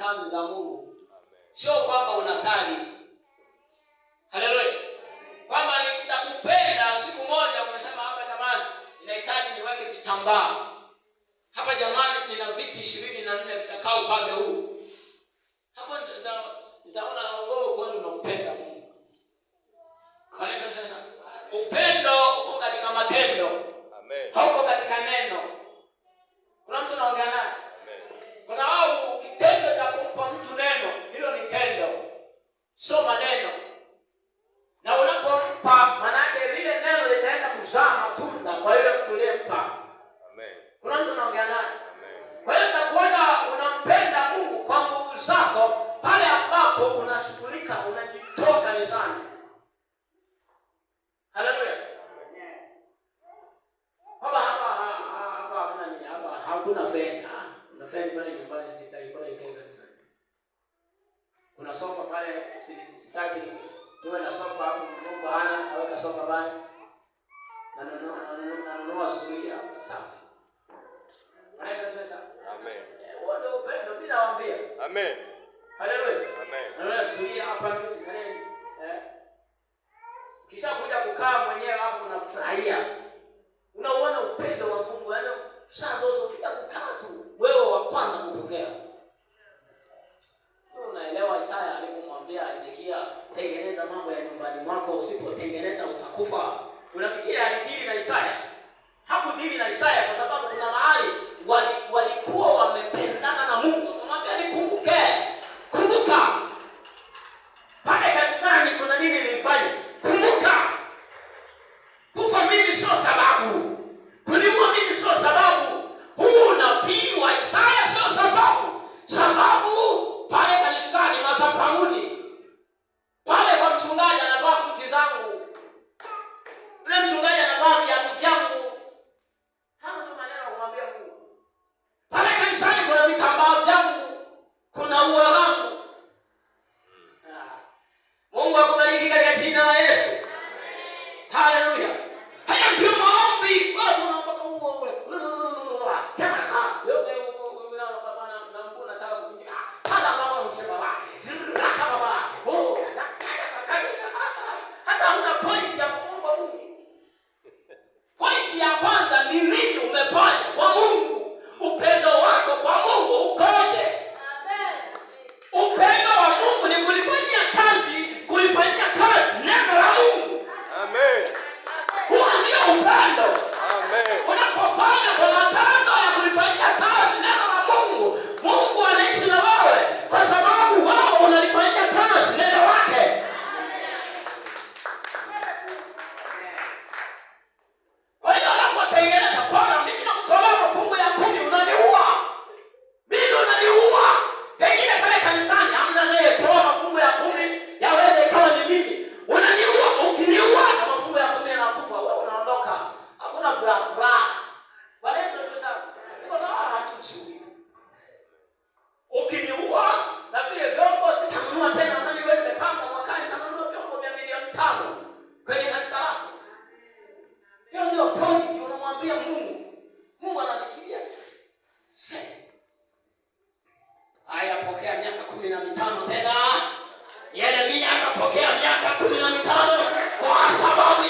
kazi za Mungu, sio kwamba unasali. Haleluya, kwamba nitakupenda siku moja. Umesema hapa, jamani, inahitaji niweke vitambaa hapa, jamani, nina viti ishirini na nne vitakaa upande huu sio maneno, na unapompa manake lile neno litaenda kuzaa matunda kwa yule mtu uliyempa. Amen. Kuna mtu anaongea naye. Amen. Kwa hiyo utakuona unampenda Mungu kwa nguvu zako pale ambapo unashughulika, unajitoa kanisani. Haleluya. Baba hapa hapa hapa hamna ni hapa hakuna fedha. Na fedha pale nyumbani sitaipata ikae kanisani kuna sofa pale, sitaki niwe na sofa hapo, Mungu hana aweka sofa pale, nanunua zulia safi. Amen. Ndio eh, upendo bila waambia. Amen. Haleluya. Amen. Nanunua zulia hapa eh, kisha kuja kukaa mwenyewe hapo unafurahia tengeneza mambo ya nyumbani mwako, usipotengeneza utakufa. Unafikiria alidili na Isaya? Hakudili na Isaya kwa sababu kuna 하나도 miaka kumi na mitano tena. Yeremia akapokea miaka kumi na mitano kwa sababu